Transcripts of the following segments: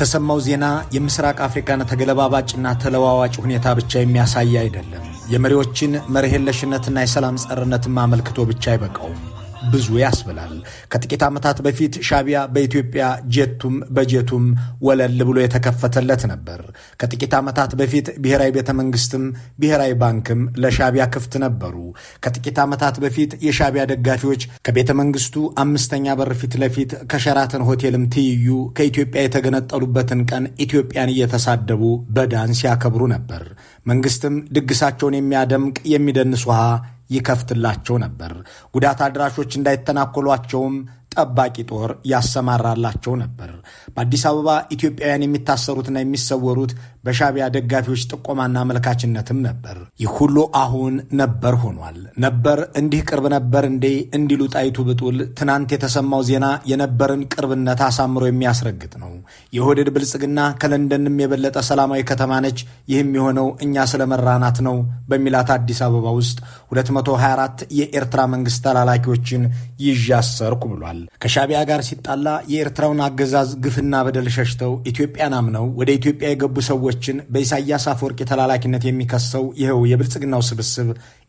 የተሰማው ዜና የምስራቅ አፍሪካን ተገለባባጭና ተለዋዋጭ ሁኔታ ብቻ የሚያሳይ አይደለም። የመሪዎችን መርህ የለሽነትና የሰላም ጸርነትም አመልክቶ ብቻ አይበቃውም። ብዙ ያስብላል። ከጥቂት ዓመታት በፊት ሻቢያ በኢትዮጵያ ጀቱም በጀቱም ወለል ብሎ የተከፈተለት ነበር። ከጥቂት ዓመታት በፊት ብሔራዊ ቤተ መንግስትም ብሔራዊ ባንክም ለሻቢያ ክፍት ነበሩ። ከጥቂት ዓመታት በፊት የሻቢያ ደጋፊዎች ከቤተ መንግስቱ አምስተኛ በር ፊት ለፊት ከሸራተን ሆቴልም ትይዩ ከኢትዮጵያ የተገነጠሉበትን ቀን ኢትዮጵያን እየተሳደቡ በዳንስ ያከብሩ ነበር። መንግስትም ድግሳቸውን የሚያደምቅ የሚደንስ ውሃ ይከፍትላቸው ነበር። ጉዳት አድራሾች እንዳይተናኮሏቸውም ጠባቂ ጦር ያሰማራላቸው ነበር። በአዲስ አበባ ኢትዮጵያውያን የሚታሰሩትና የሚሰወሩት በሻቢያ ደጋፊዎች ጥቆማና አመልካችነትም ነበር። ይህ ሁሉ አሁን ነበር ሆኗል። ነበር እንዲህ ቅርብ ነበር እንዴ እንዲሉ ጣይቱ ብጡል ትናንት የተሰማው ዜና የነበርን ቅርብነት አሳምሮ የሚያስረግጥ ነው። የኦህዴድ ብልጽግና ከለንደንም የበለጠ ሰላማዊ ከተማ ነች፣ ይህም የሆነው እኛ ስለመራናት ነው በሚላት አዲስ አበባ ውስጥ 224 የኤርትራ መንግስት ተላላኪዎችን ይዣሰርኩ ብሏል። ከሻቢያ ጋር ሲጣላ የኤርትራውን አገዛዝ ግፍና በደል ሸሽተው ኢትዮጵያን አምነው ወደ ኢትዮጵያ የገቡ ሰዎች ሰዎችን በኢሳያስ አፈወርቂ ተላላኪነት የሚከሰው ይኸው የብልጽግናው ስብስብ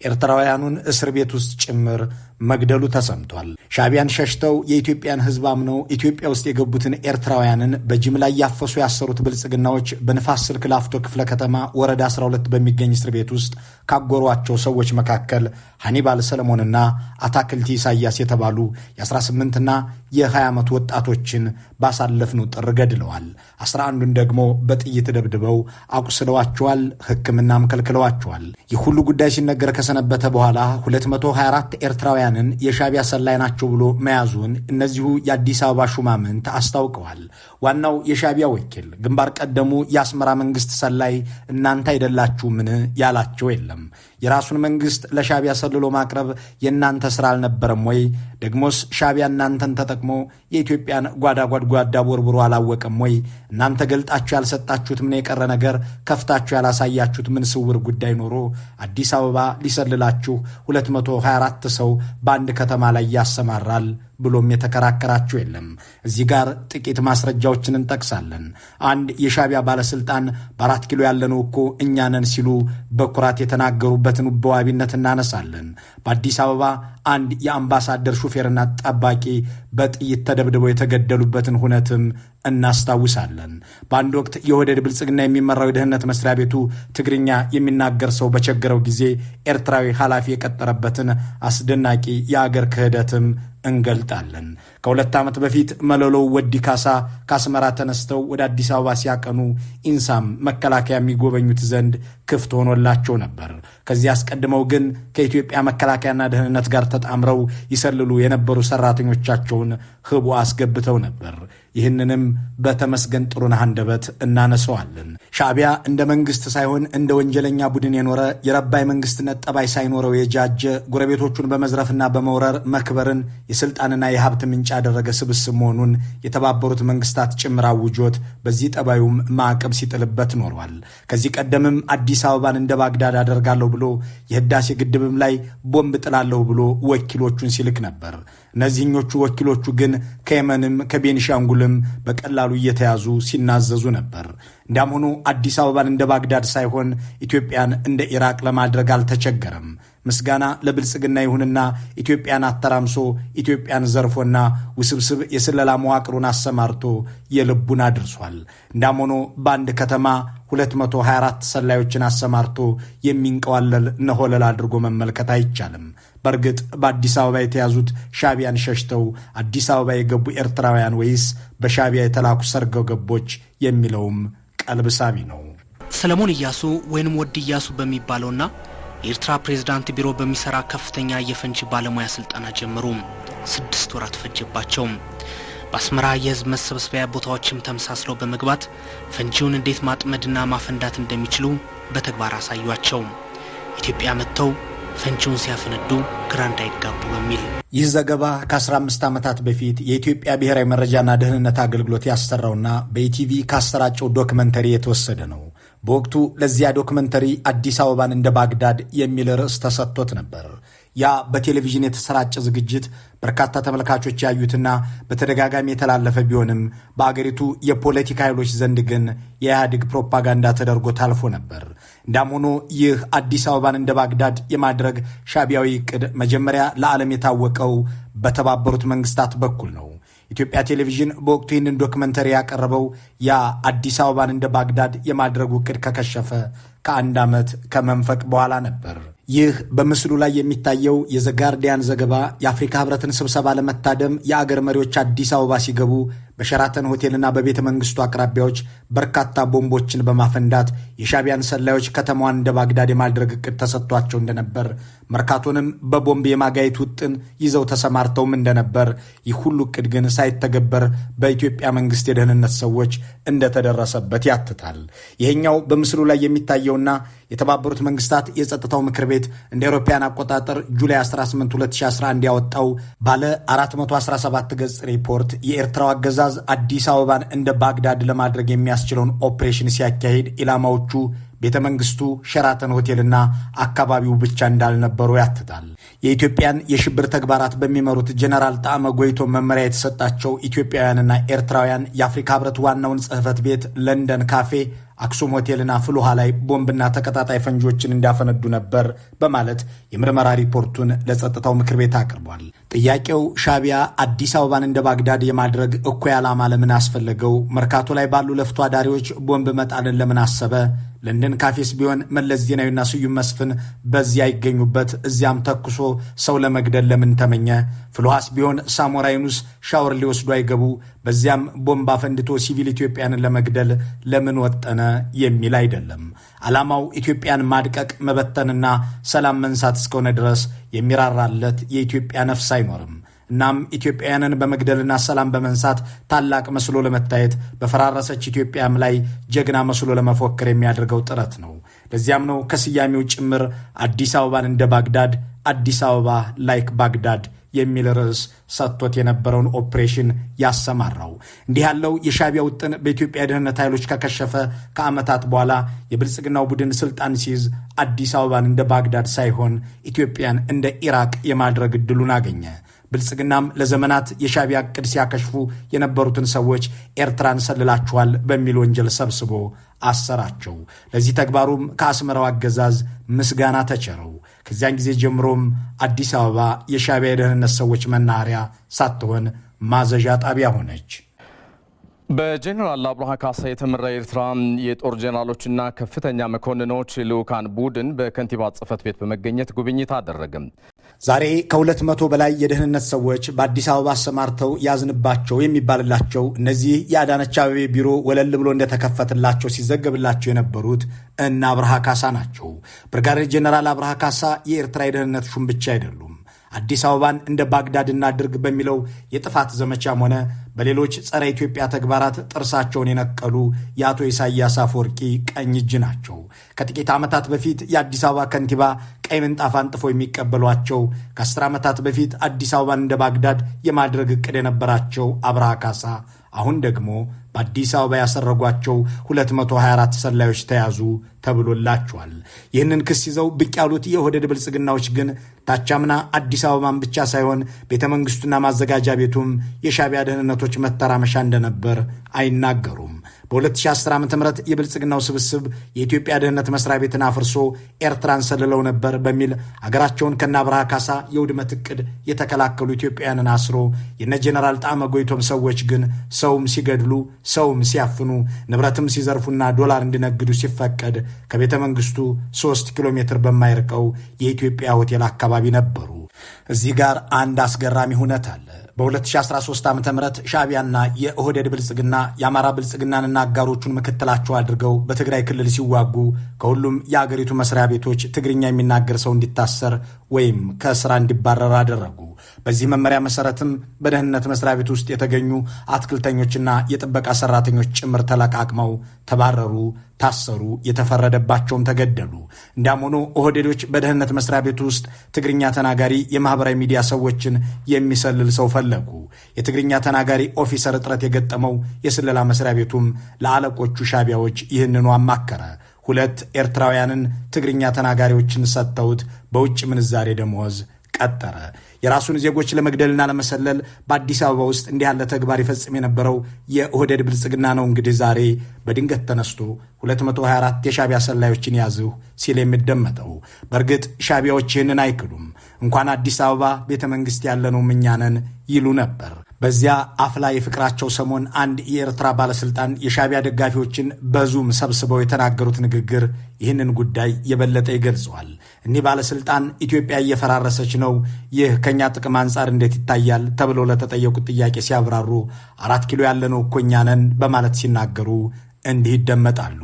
ኤርትራውያኑን እስር ቤት ውስጥ ጭምር መግደሉ ተሰምቷል። ሻቢያን ሸሽተው የኢትዮጵያን ሕዝብ አምነው ኢትዮጵያ ውስጥ የገቡትን ኤርትራውያንን በጅምላ እያፈሱ ያሰሩት ብልጽግናዎች በንፋስ ስልክ ላፍቶ ክፍለ ከተማ ወረዳ 12 በሚገኝ እስር ቤት ውስጥ ካጎሯቸው ሰዎች መካከል ሐኒባል ሰለሞንና አታክልቲ ኢሳያስ የተባሉ የ18ና የ20 ዓመት ወጣቶችን ባሳለፍነው ጥር ገድለዋል። 11ዱን ደግሞ በጥይት ደብድበው አቁስለዋቸዋል። ሕክምናም ከልክለዋቸዋል። ይህ ሁሉ ጉዳይ ሲነገር ከሰነበተ በኋላ 224 ኤርትራውያን ኢትዮጵያውያንን የሻቢያ ሰላይ ናቸው ብሎ መያዙን እነዚሁ የአዲስ አበባ ሹማምንት አስታውቀዋል። ዋናው የሻቢያ ወኪል ግንባር ቀደሙ የአስመራ መንግስት ሰላይ እናንተ አይደላችሁምን ያላቸው የለም። የራሱን መንግስት ለሻቢያ ሰልሎ ማቅረብ የእናንተ ስራ አልነበረም ወይ? ደግሞስ ሻቢያ እናንተን ተጠቅሞ የኢትዮጵያን ጓዳ ጓድጓዳ ቦርብሮ አላወቀም ወይ? እናንተ ገልጣችሁ ያልሰጣችሁት ምን የቀረ ነገር፣ ከፍታችሁ ያላሳያችሁት ምን ስውር ጉዳይ ኖሮ አዲስ አበባ ሊሰልላችሁ 224 ሰው በአንድ ከተማ ላይ ያሰማራል? ብሎም የተከራከራቸው የለም። እዚህ ጋር ጥቂት ማስረጃዎችን እንጠቅሳለን። አንድ የሻቢያ ባለስልጣን በአራት ኪሎ ያለነው እኮ እኛነን ሲሉ በኩራት የተናገሩበትን በዋቢነት እናነሳለን። በአዲስ አበባ አንድ የአምባሳደር ሹፌርና ጠባቂ በጥይት ተደብድበው የተገደሉበትን ሁነትም እናስታውሳለን። በአንድ ወቅት የወደድ ብልጽግና የሚመራው የደህንነት መስሪያ ቤቱ ትግርኛ የሚናገር ሰው በቸገረው ጊዜ ኤርትራዊ ኃላፊ የቀጠረበትን አስደናቂ የአገር ክህደትም እንገልጣለን። ከሁለት ዓመት በፊት መለሎው ወዲ ካሳ ከአስመራ ተነስተው ወደ አዲስ አበባ ሲያቀኑ ኢንሳም መከላከያ የሚጎበኙት ዘንድ ክፍት ሆኖላቸው ነበር። ከዚህ አስቀድመው ግን ከኢትዮጵያ መከላከያና ደህንነት ጋር ተጣምረው ይሰልሉ የነበሩ ሰራተኞቻቸውን ህቡ አስገብተው ነበር። ይህንንም በተመስገን ጥሩነህ አንደበት እናነሰዋለን። ሻዕቢያ እንደ መንግስት ሳይሆን እንደ ወንጀለኛ ቡድን የኖረ የረባይ መንግስትነት ጠባይ ሳይኖረው የጃጀ ጎረቤቶቹን በመዝረፍና በመውረር መክበርን የስልጣንና የሀብት ምንጭ ያደረገ ስብስብ መሆኑን የተባበሩት መንግስታት ጭምር አውጆት በዚህ ጠባዩም ማዕቀብ ሲጥልበት ኖሯል። ከዚህ ቀደምም አዲስ አበባን እንደ ባግዳድ አደርጋለሁ ብሎ የህዳሴ ግድብም ላይ ቦምብ ጥላለሁ ብሎ ወኪሎቹን ሲልክ ነበር። እነዚህኞቹ ወኪሎቹ ግን ከየመንም ከቤንሻንጉል በኩልም በቀላሉ እየተያዙ ሲናዘዙ ነበር። እንዲያም ሆኖ አዲስ አበባን እንደ ባግዳድ ሳይሆን ኢትዮጵያን እንደ ኢራቅ ለማድረግ አልተቸገረም። ምስጋና ለብልጽግና ይሁንና ኢትዮጵያን አተራምሶ ኢትዮጵያን ዘርፎና ውስብስብ የስለላ መዋቅሩን አሰማርቶ የልቡን አድርሷል። እንዳም ሆኖ በአንድ ከተማ 224 ሰላዮችን አሰማርቶ የሚንቀዋለል ነሆለል አድርጎ መመልከት አይቻልም። በእርግጥ በአዲስ አበባ የተያዙት ሻቢያን ሸሽተው አዲስ አበባ የገቡ ኤርትራውያን ወይስ በሻቢያ የተላኩ ሰርጎ ገቦች የሚለውም ቀልብ ሳቢ ነው። ሰለሞን እያሱ ወይንም ወድ እያሱ በሚባለውና የኤርትራ ፕሬዝዳንት ቢሮ በሚሰራ ከፍተኛ የፈንጂ ባለሙያ ስልጠና ጀመሩ። ስድስት ወራት ፈጀባቸው። በአስመራ የህዝብ መሰብሰቢያ ቦታዎችም ተመሳስለው በመግባት ፈንጂውን እንዴት ማጥመድና ማፈንዳት እንደሚችሉ በተግባር አሳዩቸው። ኢትዮጵያ መጥተው ፈንጂውን ሲያፈነዱ ግራ እንዳይጋቡ በሚል ይህ ዘገባ ከ15 ዓመታት በፊት የኢትዮጵያ ብሔራዊ መረጃና ደህንነት አገልግሎት ያሰራውና በኢቲቪ ካሰራጨው ዶክመንተሪ የተወሰደ ነው። በወቅቱ ለዚያ ዶክመንተሪ አዲስ አበባን እንደ ባግዳድ የሚል ርዕስ ተሰጥቶት ነበር። ያ በቴሌቪዥን የተሰራጨ ዝግጅት በርካታ ተመልካቾች ያዩትና በተደጋጋሚ የተላለፈ ቢሆንም በአገሪቱ የፖለቲካ ኃይሎች ዘንድ ግን የኢህአዴግ ፕሮፓጋንዳ ተደርጎ ታልፎ ነበር። እንዳም ሆኖ ይህ አዲስ አበባን እንደ ባግዳድ የማድረግ ሻቢያዊ እቅድ መጀመሪያ ለዓለም የታወቀው በተባበሩት መንግስታት በኩል ነው። ኢትዮጵያ ቴሌቪዥን በወቅቱ ይህንን ዶክመንተሪ ያቀረበው ያ አዲስ አበባን እንደ ባግዳድ የማድረግ ውቅድ ከከሸፈ ከአንድ ዓመት ከመንፈቅ በኋላ ነበር። ይህ በምስሉ ላይ የሚታየው የዘጋርዲያን ዘገባ የአፍሪካ ህብረትን ስብሰባ ለመታደም የአገር መሪዎች አዲስ አበባ ሲገቡ በሸራተን ሆቴልና በቤተ መንግስቱ አቅራቢያዎች በርካታ ቦምቦችን በማፈንዳት የሻቢያን ሰላዮች ከተማዋን እንደ ባግዳድ የማድረግ እቅድ ተሰጥቷቸው እንደነበር፣ መርካቶንም በቦምብ የማጋየት ውጥን ይዘው ተሰማርተውም እንደነበር፣ ይህ ሁሉ እቅድ ግን ሳይተገበር በኢትዮጵያ መንግስት የደህንነት ሰዎች እንደተደረሰበት ያትታል። ይሄኛው በምስሉ ላይ የሚታየውና የተባበሩት መንግስታት የጸጥታው ምክር ቤት እንደ አውሮፓውያን አቆጣጠር ጁላይ 18 2011 ያወጣው ባለ 417 ገጽ ሪፖርት የኤርትራው አገዛዝ አዲስ አበባን እንደ ባግዳድ ለማድረግ የሚያስችለውን ኦፕሬሽን ሲያካሂድ ኢላማዎቹ ቤተ መንግስቱ፣ ሸራተን ሆቴልና አካባቢው ብቻ እንዳልነበሩ ያትታል። የኢትዮጵያን የሽብር ተግባራት በሚመሩት ጀነራል ጣዕመ ጎይቶ መመሪያ የተሰጣቸው ኢትዮጵያውያንና ኤርትራውያን የአፍሪካ ህብረት ዋናውን ጽህፈት ቤት ለንደን ካፌ አክሱም ሆቴልና ፍልውሃ ላይ ቦምብና ተቀጣጣይ ፈንጂዎችን እንዲያፈነዱ ነበር በማለት የምርመራ ሪፖርቱን ለጸጥታው ምክር ቤት አቅርቧል። ጥያቄው ሻቢያ አዲስ አበባን እንደ ባግዳድ የማድረግ እኩይ ዓላማ ለምን አስፈለገው? መርካቶ ላይ ባሉ ለፍቶ አዳሪዎች ቦምብ መጣልን ለምን አሰበ? ለንደን ካፌስ ቢሆን መለስ ዜናዊና ስዩም መስፍን በዚያ ይገኙበት፣ እዚያም ተኩሶ ሰው ለመግደል ለምን ተመኘ? ፍልውሃስ ቢሆን ሳሞራ ዩኑስ ሻወር ሊወስዱ አይገቡ፣ በዚያም ቦምብ አፈንድቶ ሲቪል ኢትዮጵያንን ለመግደል ለምን ወጠነ የሚል አይደለም። ዓላማው ኢትዮጵያን ማድቀቅ መበተንና ሰላም መንሳት እስከሆነ ድረስ የሚራራለት የኢትዮጵያ ነፍስ አይኖርም። እናም ኢትዮጵያውያንን በመግደልና ሰላም በመንሳት ታላቅ መስሎ ለመታየት በፈራረሰች ኢትዮጵያም ላይ ጀግና መስሎ ለመፎከር የሚያደርገው ጥረት ነው። ለዚያም ነው ከስያሜው ጭምር አዲስ አበባን እንደ ባግዳድ፣ አዲስ አበባ ላይክ ባግዳድ የሚል ርዕስ ሰጥቶት የነበረውን ኦፕሬሽን ያሰማራው እንዲህ ያለው የሻቢያ ውጥን በኢትዮጵያ የደህንነት ኃይሎች ከከሸፈ ከዓመታት በኋላ የብልጽግናው ቡድን ስልጣን ሲይዝ አዲስ አበባን እንደ ባግዳድ ሳይሆን ኢትዮጵያን እንደ ኢራቅ የማድረግ እድሉን አገኘ። ብልጽግናም ለዘመናት የሻቢያ እቅድ ሲያከሽፉ የነበሩትን ሰዎች ኤርትራን ሰልላችኋል በሚል ወንጀል ሰብስቦ አሰራቸው። ለዚህ ተግባሩም ከአስመራው አገዛዝ ምስጋና ተቸረው። ከዚያን ጊዜ ጀምሮም አዲስ አበባ የሻቢያ የደህንነት ሰዎች መናኸሪያ ሳትሆን ማዘዣ ጣቢያ ሆነች። በጀኔራል አብርሃ ካሳ የተመራ የኤርትራ የጦር ጀኔራሎችና ከፍተኛ መኮንኖች ልዑካን ቡድን በከንቲባ ጽፈት ቤት በመገኘት ጉብኝት አደረግም። ዛሬ ከሁለት መቶ በላይ የደህንነት ሰዎች በአዲስ አበባ አሰማርተው ያዝንባቸው የሚባልላቸው እነዚህ የአዳነች አቤቤ ቢሮ ወለል ብሎ እንደተከፈትላቸው ሲዘገብላቸው የነበሩት እነ አብርሃ ካሳ ናቸው። ብርጋዴር ጄኔራል አብርሃ ካሳ የኤርትራ የደህንነት ሹም ብቻ አይደሉም። አዲስ አበባን እንደ ባግዳድ እናድርግ በሚለው የጥፋት ዘመቻም ሆነ በሌሎች ጸረ ኢትዮጵያ ተግባራት ጥርሳቸውን የነቀሉ የአቶ ኢሳያስ አፈወርቂ ቀኝ እጅ ናቸው። ከጥቂት ዓመታት በፊት የአዲስ አበባ ከንቲባ ቀይ ምንጣፍ አንጥፎ የሚቀበሏቸው፣ ከአስር ዓመታት በፊት አዲስ አበባን እንደ ባግዳድ የማድረግ ዕቅድ የነበራቸው አብርሃ ካሳ አሁን ደግሞ በአዲስ አበባ ያሰረጓቸው 224 ሰላዮች ተያዙ ተብሎላቸዋል። ይህንን ክስ ይዘው ብቅ ያሉት የኦህዴድ ብልጽግናዎች ግን ታቻምና አዲስ አበባን ብቻ ሳይሆን ቤተ መንግስቱና ማዘጋጃ ቤቱም የሻቢያ ደህንነቶች መተራመሻ እንደነበር አይናገሩም። በ2010 ዓ ም የብልጽግናው ስብስብ የኢትዮጵያ ደህንነት መስሪያ ቤትን አፍርሶ ኤርትራን ሰልለው ነበር በሚል አገራቸውን ከነ ካሳ የውድመት እቅድ የተከላከሉ ኢትዮጵያውያንን አስሮ የነ ጄኔራል ጣመ ጎይቶም ሰዎች ግን ሰውም ሲገድሉ፣ ሰውም ሲያፍኑ፣ ንብረትም ሲዘርፉና ዶላር እንዲነግዱ ሲፈቀድ ከቤተ መንግስቱ ሶስት ኪሎ ሜትር በማይርቀው የኢትዮጵያ ሆቴል አካባቢ ነበሩ። እዚህ ጋር አንድ አስገራሚ ሁነት አለ። በ2013 ዓ ም ሻቢያና የኦህደድ ብልጽግና የአማራ ብልጽግናንና አጋሮቹን ምክትላቸው አድርገው በትግራይ ክልል ሲዋጉ ከሁሉም የአገሪቱ መስሪያ ቤቶች ትግርኛ የሚናገር ሰው እንዲታሰር ወይም ከስራ እንዲባረር አደረጉ። በዚህ መመሪያ መሰረትም በደህንነት መስሪያ ቤት ውስጥ የተገኙ አትክልተኞችና የጥበቃ ሰራተኞች ጭምር ተለቃቅመው ተባረሩ፣ ታሰሩ፣ የተፈረደባቸውም ተገደሉ። እንዲያም ሆኖ ኦህዴዶች በደህንነት መስሪያ ቤት ውስጥ ትግርኛ ተናጋሪ የማህበራዊ ሚዲያ ሰዎችን የሚሰልል ሰው ፈለጉ። የትግርኛ ተናጋሪ ኦፊሰር እጥረት የገጠመው የስለላ መስሪያ ቤቱም ለአለቆቹ ሻቢያዎች ይህንኑ አማከረ። ሁለት ኤርትራውያንን ትግርኛ ተናጋሪዎችን ሰጥተውት በውጭ ምንዛሬ ደመወዝ ቀጠረ። የራሱን ዜጎች ለመግደልና ለመሰለል በአዲስ አበባ ውስጥ እንዲህ ያለ ተግባር ይፈጽም የነበረው የኦህደድ ብልጽግና ነው። እንግዲህ ዛሬ በድንገት ተነስቶ 224 የሻቢያ ሰላዮችን ያዝሁ ሲል የሚደመጠው በእርግጥ ሻቢያዎች ይህንን አይክዱም። እንኳን አዲስ አበባ ቤተ መንግስት ያለነው እኛንን ይሉ ነበር። በዚያ አፍላ የፍቅራቸው ሰሞን አንድ የኤርትራ ባለስልጣን የሻቢያ ደጋፊዎችን በዙም ሰብስበው የተናገሩት ንግግር ይህንን ጉዳይ የበለጠ ይገልጸዋል። እኒህ ባለስልጣን ኢትዮጵያ እየፈራረሰች ነው፣ ይህ ከእኛ ጥቅም አንጻር እንዴት ይታያል ተብለው ለተጠየቁት ጥያቄ ሲያብራሩ አራት ኪሎ ያለነው እኮ እኛ ነን በማለት ሲናገሩ እንዲህ ይደመጣሉ።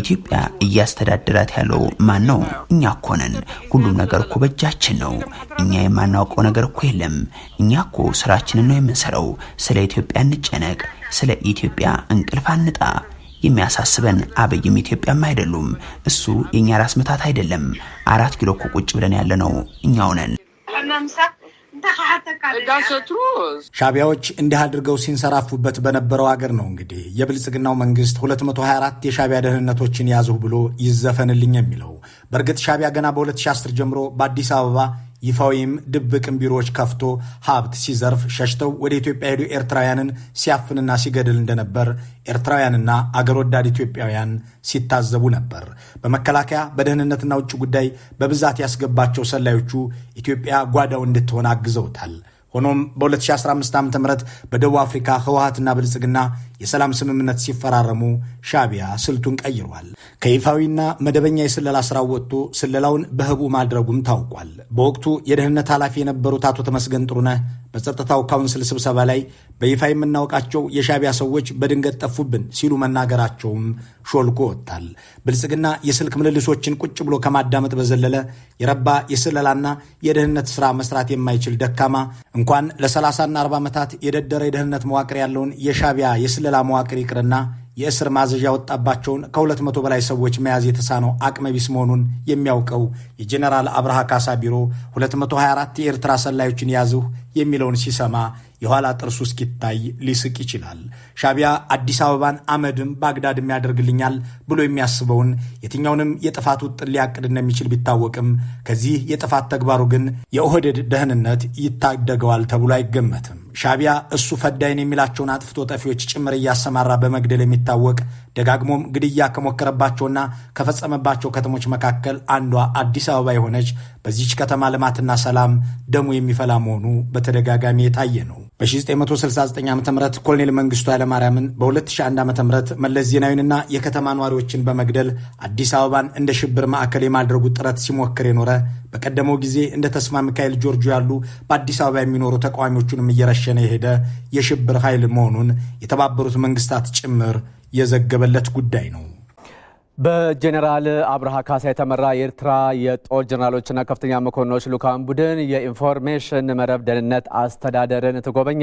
ኢትዮጵያ እያስተዳደራት ያለው ማን ነው? እኛ እኮ ነን። ሁሉም ነገር እኮ በእጃችን ነው። እኛ የማናውቀው ነገር እኮ የለም። እኛ እኮ ስራችንን ነው የምንሰራው። ስለ ኢትዮጵያ እንጨነቅ፣ ስለ ኢትዮጵያ እንቅልፍ አንጣ የሚያሳስበን አብይም ኢትዮጵያም አይደሉም። እሱ የእኛ ራስ ምታት አይደለም። አራት ኪሎ እኮ ቁጭ ብለን ያለነው እኛው ነን። ሻቢያዎች እንዲህ አድርገው ሲንሰራፉበት በነበረው አገር ነው እንግዲህ የብልጽግናው መንግስት 224 የሻቢያ ደህንነቶችን ያዙ ብሎ ይዘፈንልኝ የሚለው። በእርግጥ ሻቢያ ገና በ2010 ጀምሮ በአዲስ አበባ ይፋዊም ድብቅም ቢሮዎች ከፍቶ ሀብት ሲዘርፍ ሸሽተው ወደ ኢትዮጵያ ሄዱ ኤርትራውያንን ሲያፍንና ሲገድል እንደነበር ኤርትራውያንና አገር ወዳድ ኢትዮጵያውያን ሲታዘቡ ነበር። በመከላከያ በደህንነትና ውጭ ጉዳይ በብዛት ያስገባቸው ሰላዮቹ ኢትዮጵያ ጓዳው እንድትሆን አግዘውታል። ሆኖም በ2015 ዓ ም በደቡብ አፍሪካ ህወሀትና ብልጽግና የሰላም ስምምነት ሲፈራረሙ ሻቢያ ስልቱን ቀይሯል። ከይፋዊና መደበኛ የስለላ ስራ ወጥቶ ስለላውን በህቡ ማድረጉም ታውቋል። በወቅቱ የደህንነት ኃላፊ የነበሩት አቶ ተመስገን ጥሩነህ በጸጥታው ካውንስል ስብሰባ ላይ በይፋ የምናውቃቸው የሻቢያ ሰዎች በድንገት ጠፉብን ሲሉ መናገራቸውም ሾልኮ ወጥታል። ብልጽግና የስልክ ምልልሶችን ቁጭ ብሎ ከማዳመጥ በዘለለ የረባ የስለላና የደህንነት ስራ መስራት የማይችል ደካማ እንኳን ለ30ና 40 ዓመታት የደደረ የደህንነት መዋቅር ያለውን የሻቢያ የስለላ መዋቅር ይቅርና የእስር ማዘዣ ወጣባቸውን ከሁለት መቶ በላይ ሰዎች መያዝ የተሳነው አቅመቢስ መሆኑን የሚያውቀው የጀኔራል አብርሃ ካሳ ቢሮ 224 የኤርትራ ሰላዮችን የያዝሁ የሚለውን ሲሰማ የኋላ ጥርሱ እስኪታይ ሊስቅ ይችላል። ሻቢያ አዲስ አበባን አመድም ባግዳድም ያደርግልኛል ብሎ የሚያስበውን የትኛውንም የጥፋት ውጥን ሊያቅድ እንደሚችል ቢታወቅም ከዚህ የጥፋት ተግባሩ ግን የኦህደድ ደህንነት ይታደገዋል ተብሎ አይገመትም። ሻቢያ እሱ ፈዳይን የሚላቸውን አጥፍቶ ጠፊዎች ጭምር እያሰማራ በመግደል የሚታወቅ ደጋግሞም ግድያ ከሞከረባቸውና ከፈጸመባቸው ከተሞች መካከል አንዷ አዲስ አበባ የሆነች በዚች ከተማ ልማትና ሰላም ደሙ የሚፈላ መሆኑ በተደጋጋሚ የታየ ነው። በ1969 ዓ ም ኮሎኔል መንግስቱ ኃይለማርያምን በ2001 ዓ ም መለስ ዜናዊንና የከተማ ነዋሪዎችን በመግደል አዲስ አበባን እንደ ሽብር ማዕከል የማድረጉ ጥረት ሲሞክር የኖረ በቀደመው ጊዜ እንደ ተስማ ሚካኤል ጆርጆ ያሉ በአዲስ አበባ የሚኖሩ ተቃዋሚዎቹንም እየረሸነ የሄደ የሽብር ኃይል መሆኑን የተባበሩት መንግስታት ጭምር የዘገበለት ጉዳይ ነው። በጀኔራል አብርሃ ካሳ የተመራ የኤርትራ የጦር ጀኔራሎችና ከፍተኛ መኮንኖች ልዑካን ቡድን የኢንፎርሜሽን መረብ ደህንነት አስተዳደርን ተጎበኘ።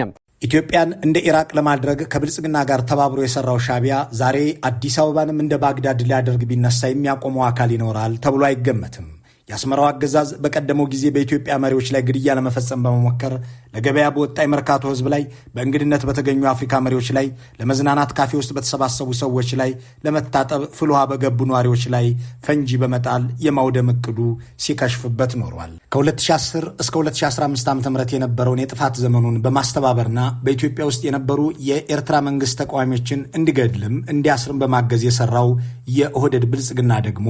ኢትዮጵያን እንደ ኢራቅ ለማድረግ ከብልጽግና ጋር ተባብሮ የሰራው ሻቢያ ዛሬ አዲስ አበባንም እንደ ባግዳድ ሊያደርግ ቢነሳ የሚያቆመው አካል ይኖራል ተብሎ አይገመትም። የአስመራው አገዛዝ በቀደመው ጊዜ በኢትዮጵያ መሪዎች ላይ ግድያ ለመፈጸም በመሞከር ለገበያ በወጣ የመርካቶ ህዝብ ላይ፣ በእንግድነት በተገኙ አፍሪካ መሪዎች ላይ፣ ለመዝናናት ካፌ ውስጥ በተሰባሰቡ ሰዎች ላይ፣ ለመታጠብ ፍል ውሃ በገቡ ነዋሪዎች ላይ ፈንጂ በመጣል የማውደም እቅዱ ሲከሽፍበት ኖሯል። ከ2010 እስከ 2015 ዓ ም የነበረውን የጥፋት ዘመኑን በማስተባበርና በኢትዮጵያ ውስጥ የነበሩ የኤርትራ መንግስት ተቃዋሚዎችን እንዲገድልም እንዲያስርም በማገዝ የሰራው የኦህደድ ብልጽግና ደግሞ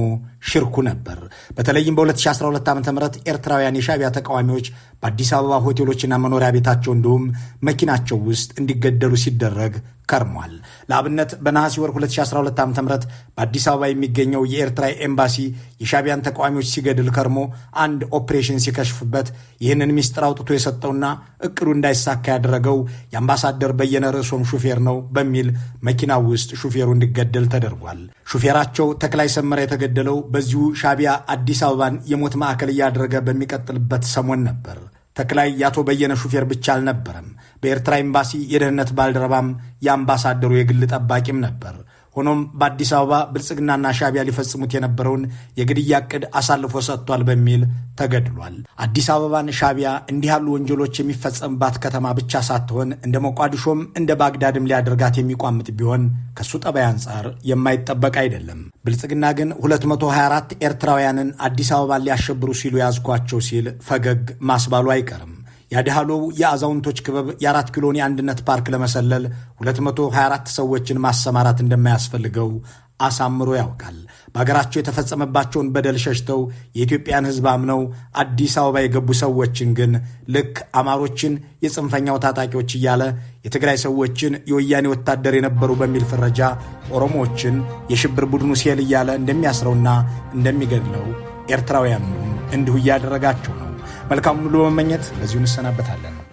ሽርኩ ነበር። በተለይም በ በ2012 ዓ ም ኤርትራውያን የሻቢያ ተቃዋሚዎች በአዲስ አበባ ሆቴሎችና መኖሪያ ቤታቸው እንዲሁም መኪናቸው ውስጥ እንዲገደሉ ሲደረግ ከርሟል። ለአብነት በነሐሴ ወር 2012 ዓ ም በአዲስ አበባ የሚገኘው የኤርትራ ኤምባሲ የሻቢያን ተቃዋሚዎች ሲገድል ከርሞ አንድ ኦፕሬሽን ሲከሽፍበት ይህንን ሚስጥር አውጥቶ የሰጠውና እቅዱ እንዳይሳካ ያደረገው የአምባሳደር በየነ ርዕሶም ሹፌር ነው በሚል መኪና ውስጥ ሹፌሩ እንዲገደል ተደርጓል። ሹፌራቸው ተክላይ ሰመራ የተገደለው በዚሁ ሻቢያ አዲስ አበባን የሞት ማዕከል እያደረገ በሚቀጥልበት ሰሞን ነበር። ተክላይ የአቶ በየነ ሹፌር ብቻ አልነበረም። በኤርትራ ኤምባሲ የደህንነት ባልደረባም የአምባሳደሩ የግል ጠባቂም ነበር። ሆኖም በአዲስ አበባ ብልጽግናና ሻቢያ ሊፈጽሙት የነበረውን የግድያ ዕቅድ አሳልፎ ሰጥቷል በሚል ተገድሏል። አዲስ አበባን ሻቢያ እንዲህ ያሉ ወንጀሎች የሚፈጸምባት ከተማ ብቻ ሳትሆን እንደ ሞቃዲሾም እንደ ባግዳድም ሊያደርጋት የሚቋምጥ ቢሆን ከሱ ጠባይ አንጻር የማይጠበቅ አይደለም። ብልጽግና ግን 224 ኤርትራውያንን አዲስ አበባን ሊያሸብሩ ሲሉ ያዝኳቸው ሲል ፈገግ ማስባሉ አይቀርም። የአድሃሎው የአዛውንቶች ክበብ የአራት ኪሎን የአንድነት ፓርክ ለመሰለል 224 ሰዎችን ማሰማራት እንደማያስፈልገው አሳምሮ ያውቃል። በሀገራቸው የተፈጸመባቸውን በደል ሸሽተው የኢትዮጵያን ሕዝብ አምነው አዲስ አበባ የገቡ ሰዎችን ግን ልክ አማሮችን የጽንፈኛው ታጣቂዎች እያለ የትግራይ ሰዎችን የወያኔ ወታደር የነበሩ በሚል ፍረጃ ኦሮሞዎችን የሽብር ቡድኑ ሴል እያለ እንደሚያስረውና እንደሚገድለው ኤርትራውያንም እንዲሁ እያደረጋቸው ነው። መልካም ሁሉ በመመኘት በዚሁ እንሰናበታለን።